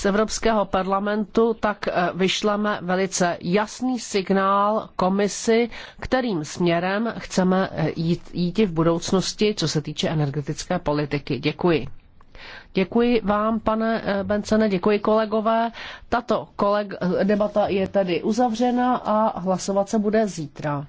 z Evropského parlamentu tak eh, vyšleme velice jasný signál komisi, kterým směrem chceme eh, jít, jít v budoucnosti, co se týče energetické politiky. Děkuji. Děkuji vám, pane eh, Bencene, děkuji kolegové. Tato koleg- debata je tedy uzavřena a hlasovat se bude zítra.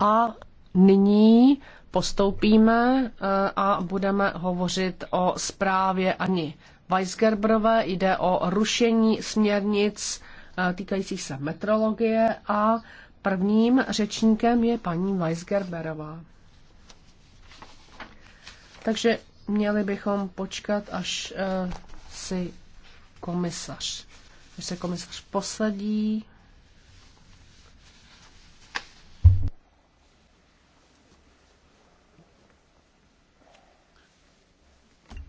A nyní postoupíme eh, a budeme hovořit o zprávě Ani Weisgerberové. Jde o rušení směrnic eh, týkajících se metrologie a prvním řečníkem je paní Weisgerberová. Takže měli bychom počkat, až eh, si komisař, až se komisař posadí.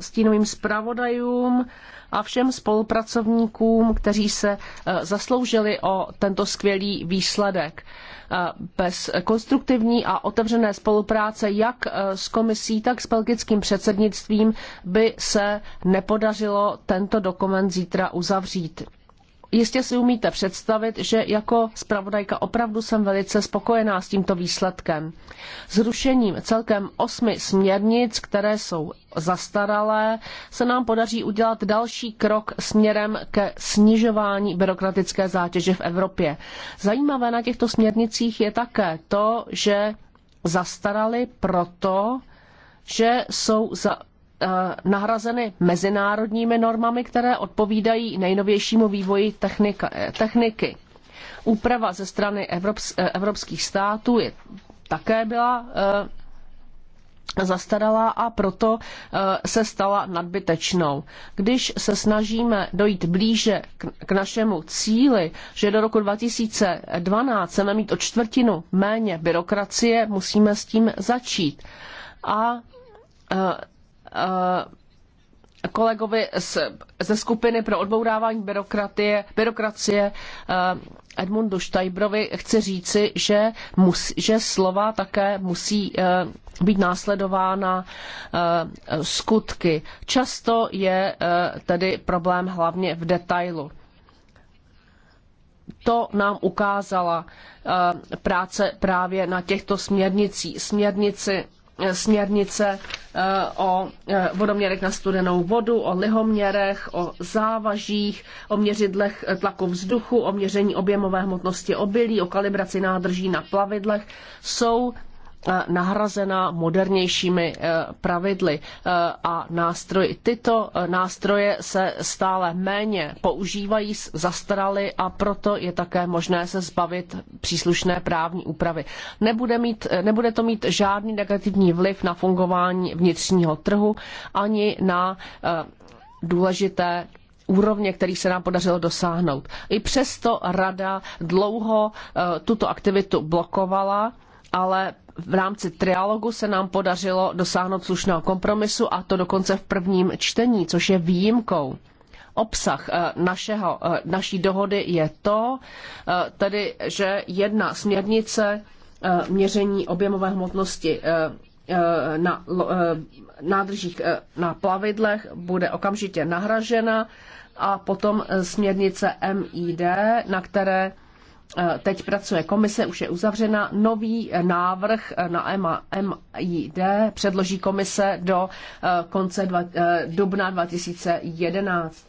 stínovým zpravodajům a všem spolupracovníkům, kteří se eh, zasloužili o tento skvělý výsledek. Eh, bez konstruktivní a otevřené spolupráce jak eh, s komisí, tak s belgickým předsednictvím by se nepodařilo tento dokument zítra uzavřít. Jistě si umíte představit, že jako zpravodajka opravdu jsem velice spokojená s tímto výsledkem. Zrušením celkem osmi směrnic, které jsou zastaralé, se nám podaří udělat další krok směrem ke snižování byrokratické zátěže v Evropě. Zajímavé na těchto směrnicích je také to, že zastaraly proto, že jsou za, Eh, nahrazeny mezinárodními normami, které odpovídají nejnovějšímu vývoji technika, eh, techniky. Úprava ze strany eh, evropských států je také byla zastaralá a proto se stala nadbytečnou. Když se snažíme dojít blíže k našemu cíli, že do roku 2012 chceme mít o čtvrtinu méně byrokracie, musíme s tím začít. A Eh, kolegovi z, ze skupiny pro odbourávání byrokratie, byrokracie eh, Edmundu Štajbrovi chci říci, že, mus, že slova také musí eh, být následována skutky. Často je tedy problém hlavně v detailu. To nám ukázala práce právě na těchto směrnicích. Směrnici směrnice eh, o eh, vodoměrech na studenou vodu, o lihoměrech, o závažích, o měřidlech tlaku vzduchu, o měření objemové hmotnosti obilí, o kalibraci nádrží na plavidlech, jsou Eh, nahrazena modernějšími eh, pravidly eh, a nástroji. Tyto nástroje se stále méně používají, zastaraly a proto je také možné se zbavit příslušné právní úpravy. Nebude, mít, nebude to mít žádný negativní vliv na fungování vnitřního trhu ani na důležité úrovně, kterých se nám podařilo dosáhnout. I přesto rada dlouho tuto aktivitu blokovala, ale v rámci trialogu se nám podařilo dosáhnout slušného kompromisu a to dokonce v prvním čtení, což je výjimkou. Obsah eh, našeho, eh, naší dohody je to, eh, tedy, že jedna směrnice měření objemové hmotnosti na nádržích na plavidlech bude okamžitě nahražena a potom směrnice MID, na které Eh, teď pracuje komise, už je uzavřena. Nový eh, návrh eh, na MID předloží komise do konce dva, dubna 2011.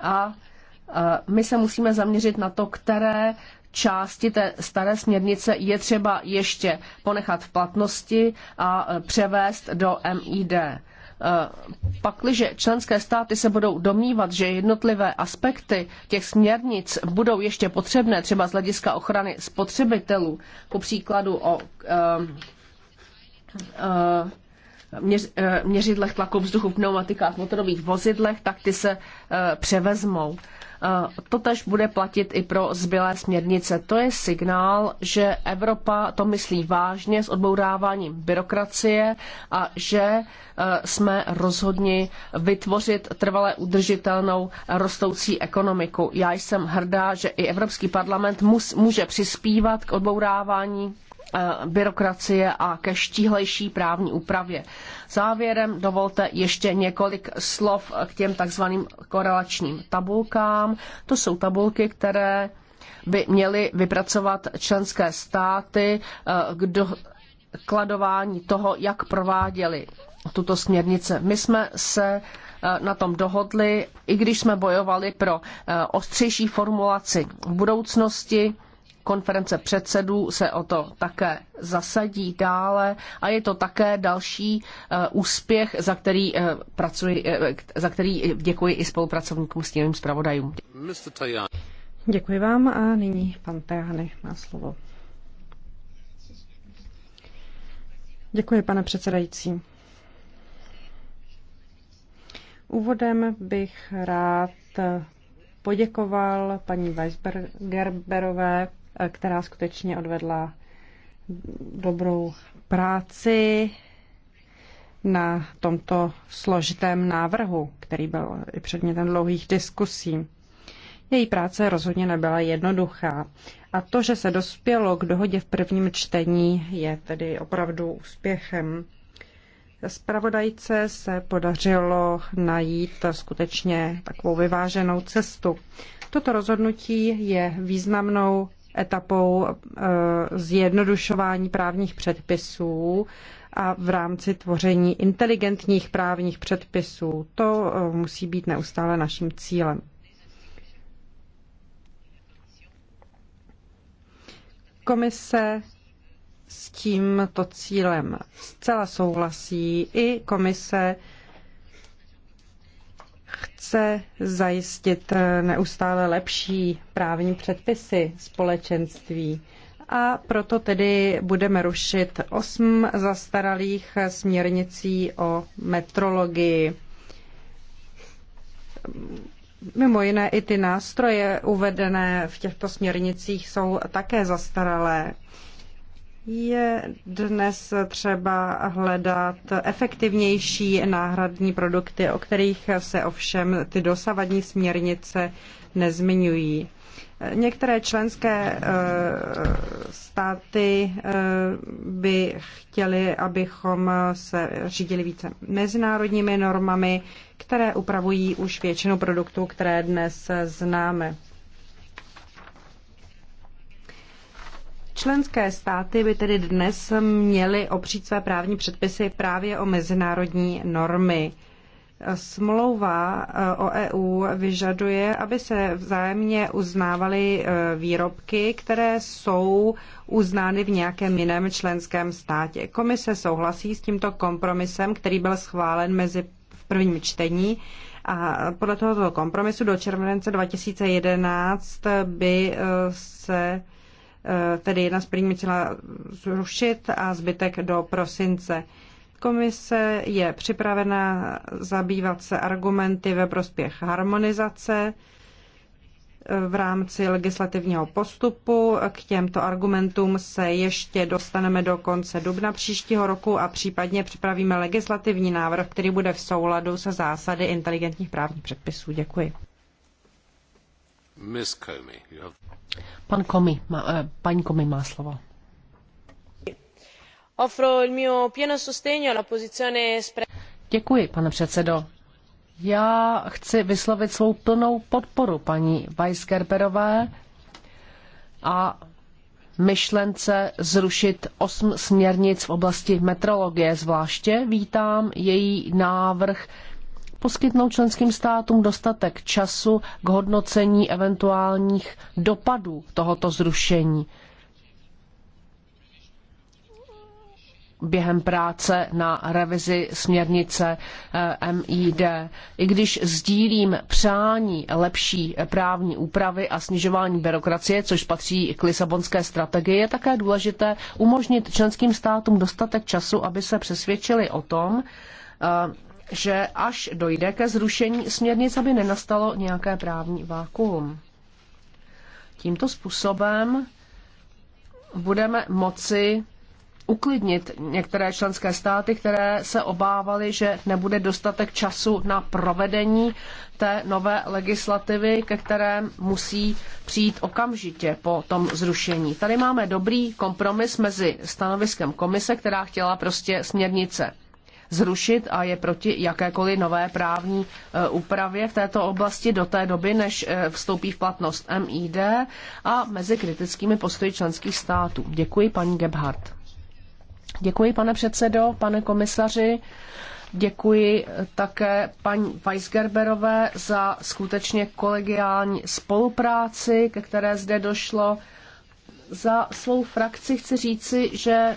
A my se musíme zaměřit na to, které části té staré směrnice je třeba ještě ponechat v platnosti a převést do MID. Eh, pakliže členské státy se budou domnívat, že jednotlivé aspekty těch směrnic budou ještě potřebné, třeba z hlediska ochrany spotřebitelů, ku příkladu o eh, eh, měřidlech tlaku vzduchu v pneumatikách motorových vozidlech, tak ty se převezmou. Eh, to tež bude platit i pro zbylé směrnice. To je signál, že Evropa to myslí vážně s odbouráváním byrokracie a že eh, jsme rozhodni vytvořit trvale udržitelnou rostoucí ekonomiku. Já jsem hrdá, že i Evropský parlament může přispívat k odbourávání Eh, byrokracie a ke štíhlejší právní úpravě. Závěrem dovolte ještě několik slov k těm takzvaným korelačním tabulkám. To jsou tabulky, které by měly vypracovat členské státy eh, k dokladování toho, jak prováděli tuto směrnice. My jsme se eh, na tom dohodli, i když jsme bojovali pro ostřejší formulaci v budoucnosti, konference předsedů se o to také zasadí dále a je to také další eh, úspěch, za který, eh, pracuji, eh, za který děkuji i spolupracovníkům s těmým zpravodajům. Děkuji vám a nyní pan Tajany má slovo. Děkuji, pane předsedající. Úvodem bych rád poděkoval paní Weisbergerberové Eh, která skutečně odvedla dobrou práci na tomto složitém návrhu, který byl i předmětem dlouhých diskusí. Její práce rozhodně nebyla jednoduchá. A to, že se dospělo k dohodě v prvním čtení, je tedy opravdu úspěchem. Spravodajce se podařilo najít skutečně takovou vyváženou cestu. Toto rozhodnutí je významnou etapou eh, zjednodušování právních předpisů a v rámci tvoření inteligentních právních předpisů. To eh, musí být neustále naším cílem. Komise s tímto cílem zcela souhlasí i komise se zajistit neustále lepší právní předpisy společenství. A proto tedy budeme rušit osm zastaralých směrnicí o metrologii. Mimo jiné i ty nástroje uvedené v těchto směrnicích jsou také zastaralé je dnes třeba hledat efektivnější náhradní produkty, o kterých se ovšem ty dosavadní směrnice nezmiňují. Některé členské eh, státy eh, by chtěly, abychom se řídili více mezinárodními normami, které upravují už většinu produktů, které dnes známe. Členské státy by tedy dnes měly opřít své právní předpisy právě o mezinárodní normy. Smlouva eh, o EU vyžaduje, aby se vzájemně uznávaly eh, výrobky, které jsou uznány v nějakém jiném členském státě. Komise souhlasí s tímto kompromisem, který byl schválen mezi v prvním čtení a podle tohoto kompromisu do července 2011 by eh, se Eh, tedy jedna z prvních chtěla zrušit a zbytek do prosince. Komise je připravena zabývat se argumenty ve prospěch harmonizace eh, v rámci legislativního postupu. K těmto argumentům se ještě dostaneme do konce dubna příštího roku a případně připravíme legislativní návrh, který bude v souladu se zásady inteligentních právních předpisů. Děkuji. Eh, paní má slovo. Děkuji, pane předsedající Já chci vyslovit svou plnou podporu paní Weisgerberové a myšlence zrušit osm směrnic v oblasti metrologie. Zvláště vítám její návrh poskytnout členským státům dostatek času k hodnocení eventuálních dopadů tohoto zrušení. během práce na revizi směrnice eh, MID. I když sdílím přání lepší právní úpravy a snižování byrokracie, což patří k Lisabonské strategii, je také důležité umožnit členským státům dostatek času, aby se přesvědčili o tom, eh, že až dojde ke zrušení směrnic, aby nenastalo nějaké právní vákuum. Tímto způsobem budeme moci uklidnit některé členské státy, které se obávaly, že nebude dostatek času na provedení té nové legislativy, ke které musí přijít okamžitě po tom zrušení. Tady máme dobrý kompromis mezi stanoviskem komise, která chtěla prostě směrnice zrušit a je proti jakékoliv nové právní e, úpravě v této oblasti do té doby, než e, vstoupí v platnost MID a mezi kritickými postoji členských států. Děkuji, paní Gebhardt. Děkuji, pane předsedo, pane komisaři. Děkuji také paní Weisgerberové za skutečně kolegiální spolupráci, ke které zde došlo. Za svou frakci chci říci, že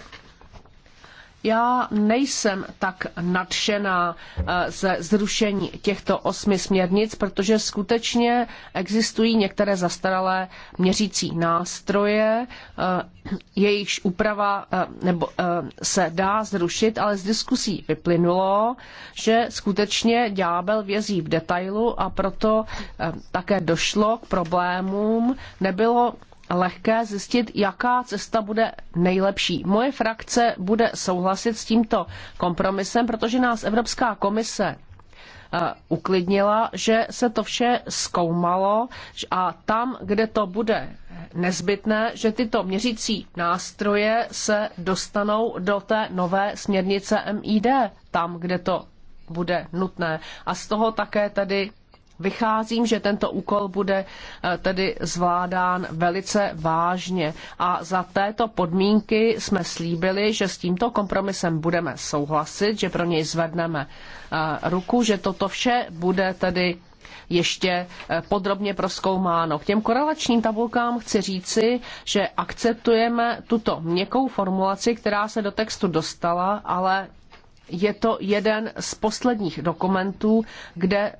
já nejsem tak nadšená eh, ze zrušení těchto osmi směrnic, protože skutečně existují některé zastaralé měřící nástroje, eh, jejichž úprava eh, nebo se dá zrušit, ale z diskusí vyplynulo, že skutečně ďábel vězí v detailu a proto také došlo k problémům. Nebylo lehké zjistit, jaká cesta bude nejlepší. Moje frakce bude souhlasit s tímto kompromisem, protože nás Evropská komise eh, uklidnila, že se to vše zkoumalo a tam, kde to bude nezbytné, že tyto měřící nástroje se dostanou do té nové směrnice MID, tam, kde to bude nutné. A z toho také tady Vycházím, že tento úkol bude eh, tedy zvládán velice vážně a za této podmínky jsme slíbili, že s tímto kompromisem budeme souhlasit, že pro něj zvedneme eh, ruku, že toto vše bude tedy ještě eh, podrobně proskoumáno. K těm korelačním tabulkám chci říci, že akceptujeme tuto měkkou formulaci, která se do textu dostala, ale je to jeden z posledních dokumentů, kde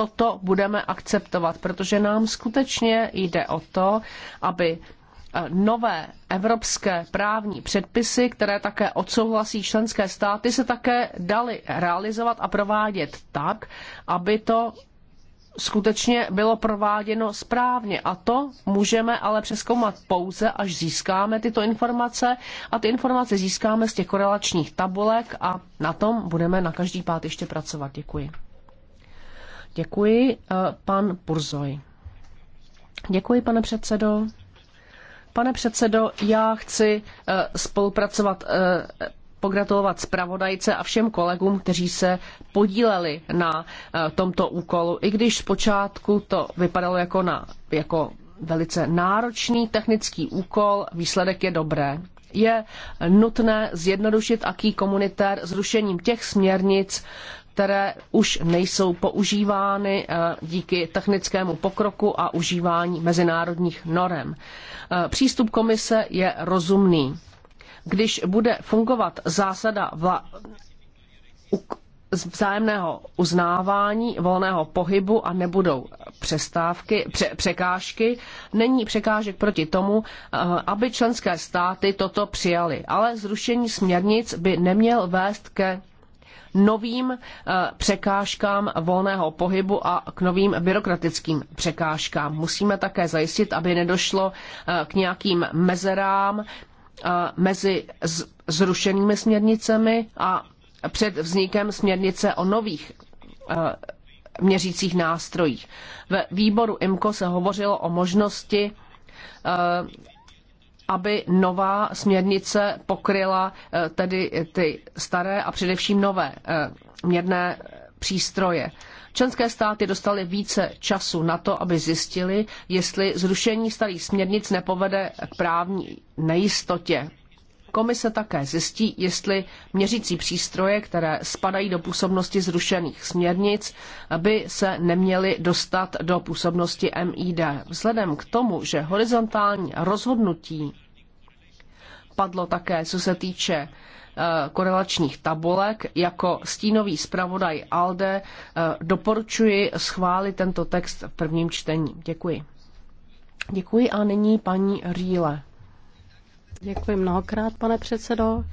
toto budeme akceptovat, protože nám skutečně jde o to, aby eh, nové evropské právní předpisy, které také odsouhlasí členské státy, se také daly realizovat a provádět tak, aby to skutečně bylo prováděno správně. A to můžeme ale přeskoumat pouze, až získáme tyto informace. A ty informace získáme z těch korelačních tabulek a na tom budeme na každý pát ještě pracovat. Děkuji. Děkuji. Eh, pan Purzoj. Děkuji, pane předsedo. Pane předsedo, já chci eh, spolupracovat, eh, pogratulovat zpravodajce a všem kolegům, kteří se podíleli na tomto úkolu, i když zpočátku to vypadalo jako, na, jako velice náročný technický úkol, výsledek je dobré je nutné zjednodušit aký komunitár zrušením těch směrnic, které už nejsou používány eh, díky technickému pokroku a užívání mezinárodních norem. Eh, přístup komise je rozumný. Když bude fungovat zásada vla... vzájemného uznávání, volného pohybu a nebudou přestávky, pře- překážky, není překážek proti tomu, eh, aby členské státy toto přijaly. Ale zrušení směrnic by neměl vést ke novým eh, překážkám volného pohybu a k novým byrokratickým překážkám. Musíme také zajistit, aby nedošlo eh, k nějakým mezerám eh, mezi zrušenými směrnicemi a před vznikem směrnice o nových měřících nástrojích. Ve výboru IMCO se hovořilo o možnosti aby nová směrnice pokryla eh, tedy ty staré a především nové eh, měrné přístroje. Členské státy dostaly více času na to, aby zjistili, jestli zrušení starých směrnic nepovede k právní nejistotě. Komise také zjistí, jestli měřící přístroje, které spadají do působnosti zrušených směrnic, by se neměly dostat do působnosti MID. Vzhledem k tomu, že horizontální rozhodnutí padlo také, co se týče eh, korelačních tabulek. Jako stínový zpravodaj ALDE eh, doporučuji schválit tento text v prvním čtení. Děkuji. Děkuji a nyní paní Rýle. Děkuji mnohokrát, pane předsedo.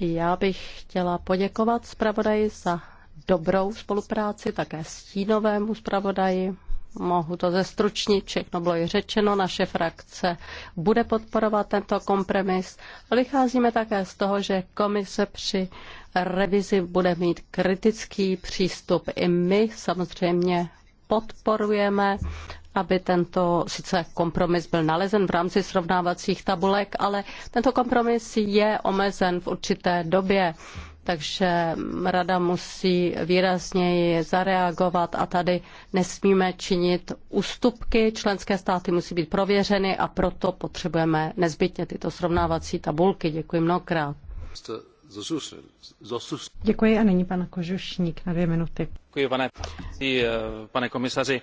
Já bych chtěla poděkovat zpravodaji za dobrou spolupráci, také stínovému zpravodaji. Mohu to zestručnit, všechno bylo i řečeno, naše frakce bude podporovat tento kompromis. Vycházíme také z toho, že komise při revizi bude mít kritický přístup. I my samozřejmě podporujeme aby tento sice kompromis byl nalezen v rámci srovnávacích tabulek, ale tento kompromis je omezen v určité době, takže rada musí výrazněji zareagovat a tady nesmíme činit ústupky. Členské státy musí být prověřeny a proto potřebujeme nezbytně tyto srovnávací tabulky. Děkuji mnohokrát. Děkuji a nyní pan Kožušník na dvě minuty. Děkuji, pane, pane komisaři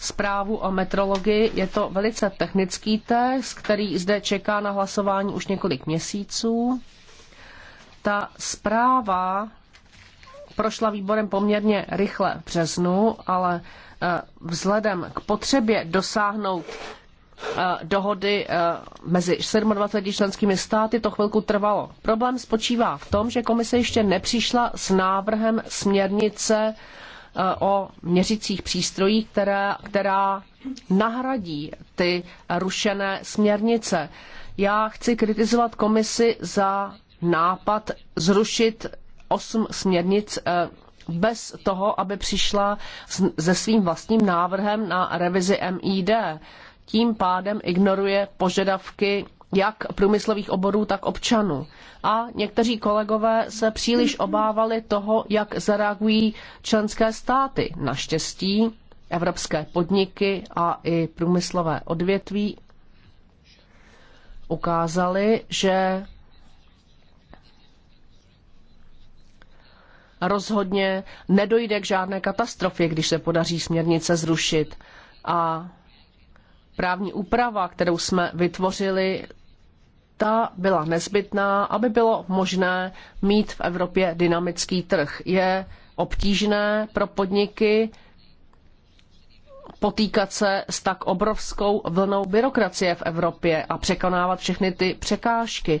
zprávu o metrologii. Je to velice technický text, který zde čeká na hlasování už několik měsíců. Ta zpráva prošla výborem poměrně rychle v březnu, ale e, vzhledem k potřebě dosáhnout e, dohody e, mezi 27 členskými státy to chvilku trvalo. Problém spočívá v tom, že komise ještě nepřišla s návrhem směrnice o měřicích přístrojích, která, která nahradí ty rušené směrnice. Já chci kritizovat komisi za nápad zrušit osm směrnic eh, bez toho, aby přišla se svým vlastním návrhem na revizi MID. Tím pádem ignoruje požadavky jak průmyslových oborů, tak občanů. A někteří kolegové se příliš obávali toho, jak zareagují členské státy. Naštěstí evropské podniky a i průmyslové odvětví ukázali, že rozhodně nedojde k žádné katastrofě, když se podaří směrnice zrušit. A právní úprava, kterou jsme vytvořili, ta byla nezbytná, aby bylo možné mít v Evropě dynamický trh. Je obtížné pro podniky potýkat se s tak obrovskou vlnou byrokracie v Evropě a překonávat všechny ty překážky.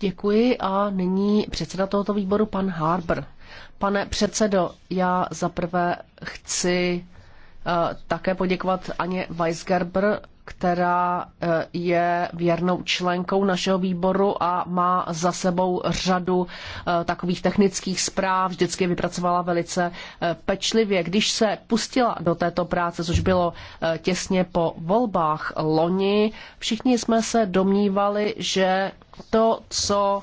Děkuji a nyní předseda tohoto výboru, pan Harbour. Pane předsedo, já zaprvé chci uh, také poděkovat Aně Weisgerber která eh, je věrnou členkou našeho výboru a má za sebou řadu eh, takových technických zpráv, vždycky vypracovala velice eh, pečlivě. Když se pustila do této práce, což bylo těsně po volbách loni, všichni jsme se domnívali, že to, co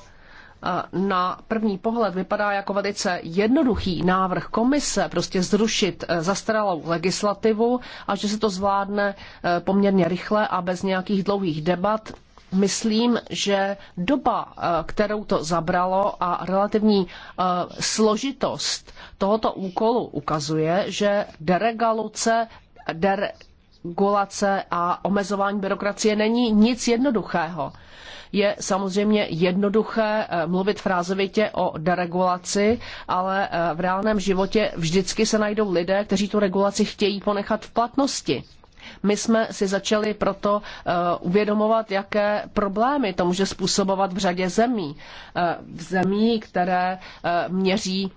na první pohled vypadá jako velice jednoduchý návrh komise prostě zrušit eh, zastaralou legislativu a že se to zvládne eh, poměrně rychle a bez nějakých dlouhých debat, myslím, že doba, eh, kterou to zabralo a relativní složitost tohoto úkolu ukazuje, že deregaluce, deregulace a omezování byrokracie není nic jednoduchého. Je samozřejmě jednoduché eh, mluvit frázovitě o deregulaci, ale eh, v reálném životě vždycky se najdou lidé, kteří tu regulaci chtějí ponechat v platnosti. My jsme si začali proto eh, uvědomovat, jaké problémy to může způsobovat v řadě zemí. Eh, v zemí, které eh, měří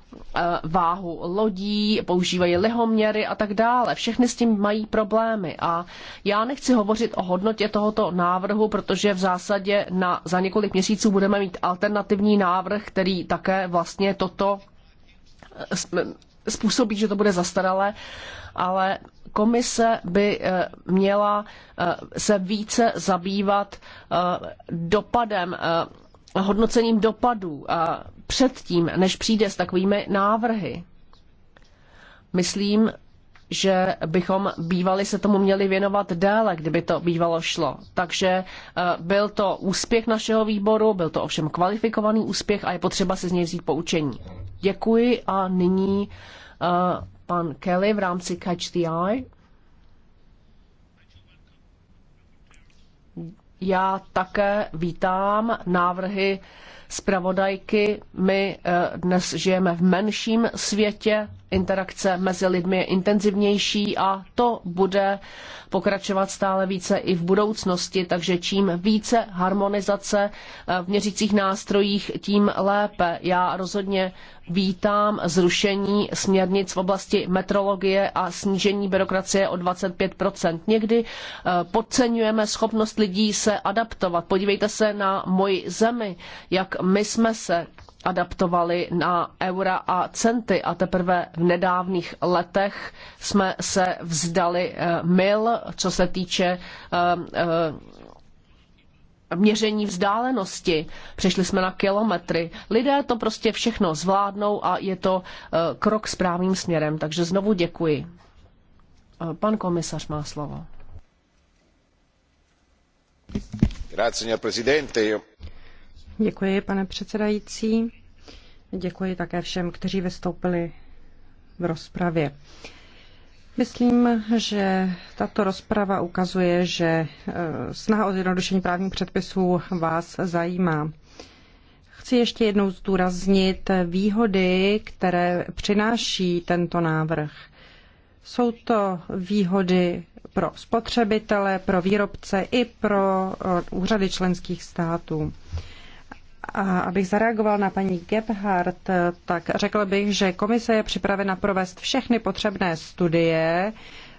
váhu lodí, používají lihoměry a tak dále. Všechny s tím mají problémy. A já nechci hovořit o hodnotě tohoto návrhu, protože v zásadě na, za několik měsíců budeme mít alternativní návrh, který také vlastně toto způsobí, že to bude zastaralé, ale komise by eh, měla eh, se více zabývat eh, dopadem, hodnocením dopadů předtím, než přijde s takovými návrhy. Myslím, že bychom bývali se tomu měli věnovat déle, kdyby to bývalo šlo. Takže byl to úspěch našeho výboru, byl to ovšem kvalifikovaný úspěch a je potřeba si z něj vzít poučení. Děkuji a nyní pan Kelly v rámci Catch the Eye. Já také vítám návrhy zpravodajky. My eh, dnes žijeme v menším světě interakce mezi lidmi je intenzivnější a to bude pokračovat stále více i v budoucnosti, takže čím více harmonizace eh, v měřících nástrojích, tím lépe. Já rozhodně vítám zrušení směrnic v oblasti metrologie a snížení byrokracie o 25 Někdy eh, podceňujeme schopnost lidí se adaptovat. Podívejte se na moji zemi, jak my jsme se adaptovali na eura a centy a teprve v nedávných letech jsme se vzdali eh, mil, co se týče eh, eh, měření vzdálenosti, přešli jsme na kilometry. Lidé to prostě všechno zvládnou a je to krok správným směrem, takže znovu děkuji. Pan komisař má slovo. Grazie, Děkuji, pane předsedající. Děkuji také všem, kteří vystoupili v rozpravě. Myslím, že tato rozprava ukazuje, že eh, snaha o zjednodušení právních předpisů vás zajímá. Chci ještě jednou zdůraznit výhody, které přináší tento návrh. Jsou to výhody pro spotřebitele, pro výrobce i pro eh, úřady členských států. A abych zareagoval na paní Gebhardt, tak řekl bych, že komise je připravena provést všechny potřebné studie,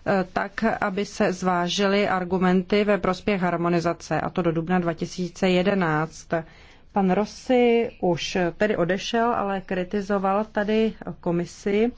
eh, tak, aby se zvážily argumenty ve prospěch harmonizace, a to do dubna 2011. Pan Rossi už tedy odešel, ale kritizoval tady komisi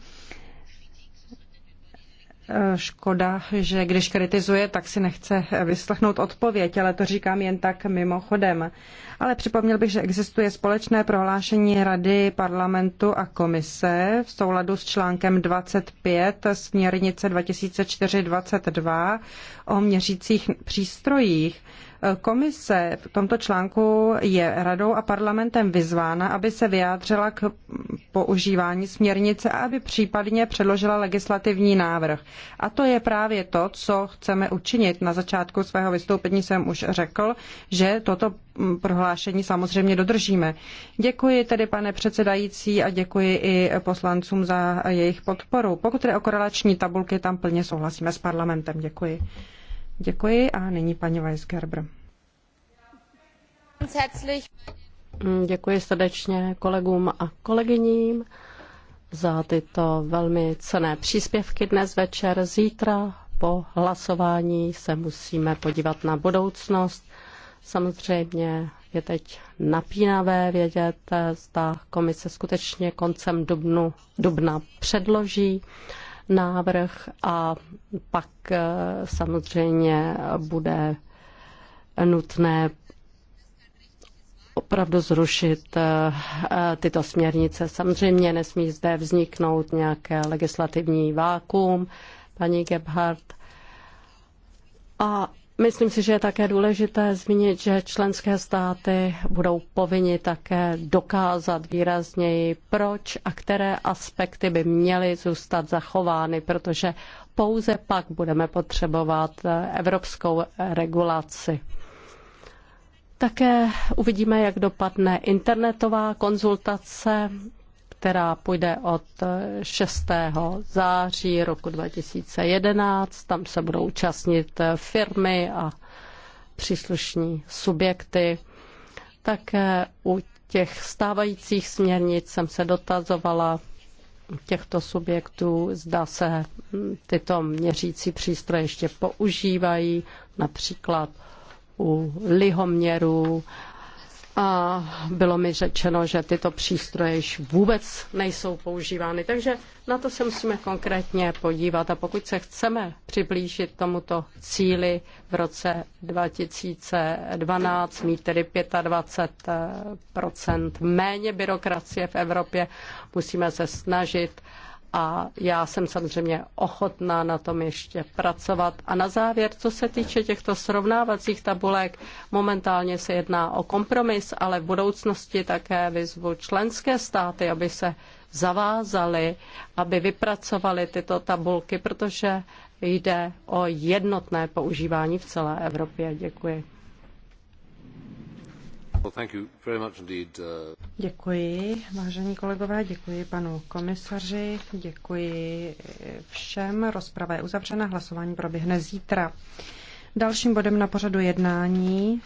Škoda, že když kritizuje, tak si nechce vyslechnout odpověď, ale to říkám jen tak mimochodem. Ale připomněl bych, že existuje společné prohlášení Rady parlamentu a komise v souladu s článkem 25 směrnice 2004-22 o měřících přístrojích Komise v tomto článku je radou a parlamentem vyzvána, aby se vyjádřila k používání směrnice a aby případně předložila legislativní návrh. A to je právě to, co chceme učinit. Na začátku svého vystoupení jsem už řekl, že toto prohlášení samozřejmě dodržíme. Děkuji tedy, pane předsedající, a děkuji i poslancům za jejich podporu. Pokud jde o korelační tabulky, tam plně souhlasíme s parlamentem. Děkuji. Děkuji a nyní paní Weisgerber. Děkuji srdečně kolegům a kolegyním za tyto velmi cené příspěvky dnes večer. Zítra po hlasování se musíme podívat na budoucnost. Samozřejmě je teď napínavé vědět, zda komise skutečně koncem dubnu, dubna předloží návrh a pak eh, samozřejmě bude nutné opravdu zrušit eh, eh, tyto směrnice. Samozřejmě nesmí zde vzniknout nějaké legislativní vákum, paní Gebhardt. A Myslím si, že je také důležité zmínit, že členské státy budou povinni také dokázat výrazněji, proč a které aspekty by měly zůstat zachovány, protože pouze pak budeme potřebovat eh, evropskou regulaci. Také uvidíme, jak dopadne internetová konzultace která půjde od 6. září roku 2011. Tam se budou účastnit firmy a příslušní subjekty. Také u těch stávajících směrnic jsem se dotazovala těchto subjektů, zda se tyto měřící přístroje ještě používají, například u lihoměrů a bylo mi řečeno, že tyto přístroje již vůbec nejsou používány. Takže na to se musíme konkrétně podívat. A pokud se chceme přiblížit tomuto cíli v roce 2012, mít tedy 25 méně byrokracie v Evropě, musíme se snažit a já jsem samozřejmě ochotná na tom ještě pracovat. A na závěr, co se týče těchto srovnávacích tabulek, momentálně se jedná o kompromis, ale v budoucnosti také vyzvu členské státy, aby se zavázali, aby vypracovali tyto tabulky, protože jde o jednotné používání v celé Evropě. Děkuji. Uh, děkuji, vážení kolegové, děkuji panu komisaři, děkuji všem. Rozprava je uzavřena, hlasování proběhne zítra. Dalším bodem na pořadu jednání